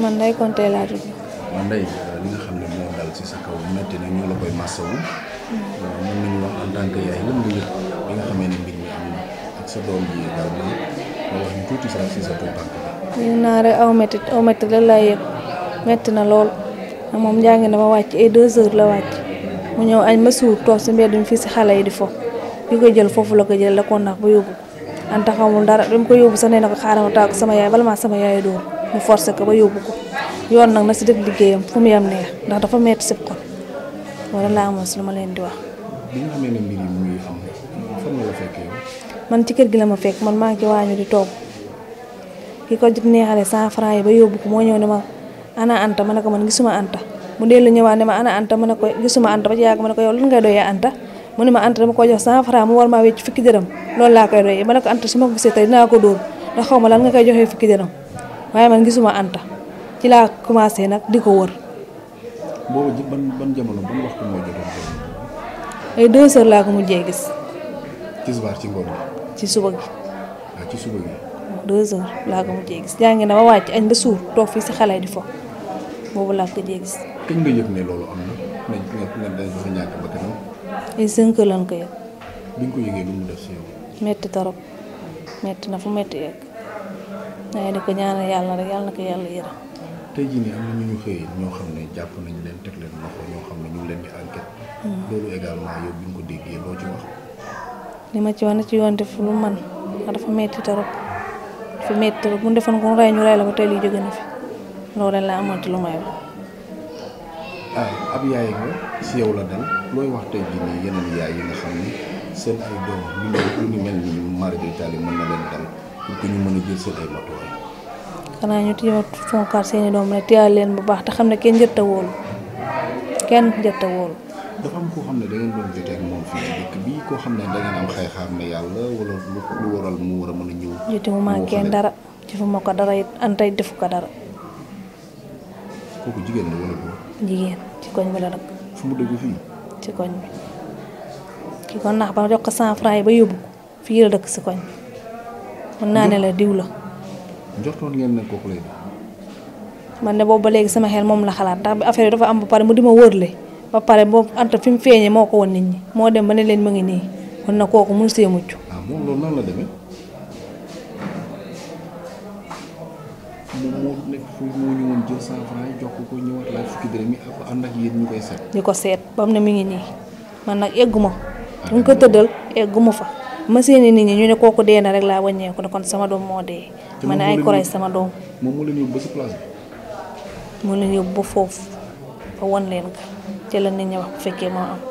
man day compter laa tudd. waaw Ndeye li dal ci sa kaw métti na ñu la koy masawu. mën nañu wax en tant yaay lan nga yëg bi am na naa rek aw métti aw métti la laa yëg métti na lool moom jàng na ba wàcc ay deux heures la wàcc mu ñëw añ ma suur toog si mbedd mi fii si xale yi di fo bi ko jël foofu la ko jël la ko ndax ba yóbbu. anta xamul dara bi mu ko yóbbu sax nee na ko xaaral ma tàggu sama yaay bala maa sama yaay dóor. mu forcé ka ba yóbbu ko yoon nag na si def liggéeyam fu mu yem neex ndax dafa metti si xol wala laa amoon si lu ma leen di wax. bi nga xamee ne man ci kër gi la ma fekk man maa ngi ci waañu di toog ki ko neexale cent francs yi ba moo ñëw ne ma ana Anta ma ne ma ana Anta ma ne ko gisuma Anta ba ci yàgg ma ne ko yow lan ngay doyee Anta mu ne ma Anta dama ko jox cent francs mu war maa wecc fukki dërëm loolu laa koy doyee ma ne ko Anta su ma ko gisee tey dinaa ko dóor ndax xaw ma lan nga koy joxee fukki dërëm waaye man gisuma Anta ci laa commencé nag di ko wër. boobu ji ban ban jamono ban waxtu laa ko mujjee gis. tisbaar ci ngoon ci suba gi. Ah, ci suba gi. deux heures laa ko mujjee gis jàngi na ba wàcc añ ba suur toog fii si xale di fo boobu laa ko jee gis. kañ nga yëg ne loolu am na nañ dañ fa ñàkk ba kanam. ay cinq ko yëg. metti torop metti na fu metti yegg. waaye di ko ñaanal yàlla rek yàlla na ko yàlla yërëm. tey jii nii am na ñu ñu xëyee ñoo xam ne jàpp nañ leen teg leen loxo ñoo xam ne ñu leen di enquête. Hmm. loolu également yow bi nga ko déggee loo ci wax. li ma ci wax na ci yoon def lu man ndax metti trop dafa bu ñu defoon ko rey ñu rey la fi loolu rek laa amati lu may wax. ah ab yaay nga si yow la dal looy wax tey jii yeneen yaay yi nga xam ni seen ay doom lu mel ni Marie Tali mën na leen dal. pour que ñu mën a jël seen ay matuwaay. ñu jéem a seen i doom leen bu baax te xam ne kenn njëtt a wóolu kenn njëtt a wóolu. dafa am koo xam ne da ngeen dara jëfuma ko dara it antay defu ko dara. kooku jigéen la wala jigéen ci koñ bi la nag. fu mu dëgg fii. ci koñ bi ki ko nax ba jox ko cent franc yi ba yóbbu fii la dëkk si koñ mën naa ne la diw la. joxtoon ngeen ne kooku lay man ne boobu ba léegi sama xel moom la xalaat ndax affaire yi dafa am ba pare mu di ma wërle ba pare boo anta fi mu feeñee moo ko woon nit ñi moo dem ba ne leen ma ngi nii kon na kooku mun see mucc. ah moom loolu nan la demee moom moo nekk foofu moo ñëwoon jël cent franc jox ko ko ñëwaat laaj fukki dërëm yi ak ànd ak yéen ñu koy seet. ñu ko seet ba mu ne mi ngi nii man nag egguma. bu ah, ko tëddal egguma fa. ma ni nit ñi ñu ne kooku dee na rek laa waññeeku ne kon sama doom moo dee. ma ne ay koray sama doom. moom moo leen yóbbu ba si place bi. moo leen yóbbu ba foofu ba won leen ko ci la nit ñi wax bu fekkee moo am.